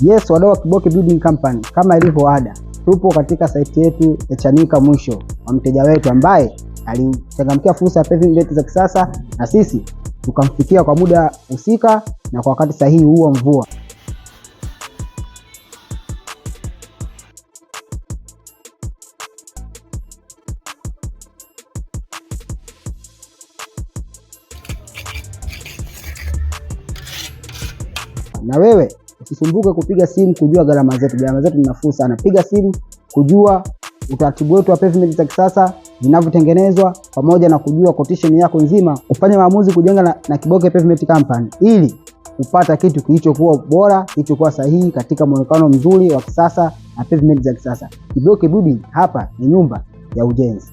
Yes, wadau wa Kiboke Building Company, kama ilivyo ada, tupo katika saiti yetu ya Chanika mwisho wa mteja wetu ambaye alichangamkia fursa ya paving leti za kisasa, na sisi tukamfikia kwa muda husika na kwa wakati sahihi huo mvua. Na wewe Usisumbuke kupiga simu kujua gharama zetu. Gharama zetu ni nafuu sana. Piga simu kujua utaratibu wetu wa pavement za kisasa zinavyotengenezwa pamoja na kujua quotation yako nzima, ufanye maamuzi kujenga na, na Kiboke Pavement Company ili kupata kitu kilichokuwa bora, kilichokuwa sahihi katika muonekano mzuri wa kisasa na pavement za kisasa. Kiboke Building, hapa ni nyumba ya ujenzi.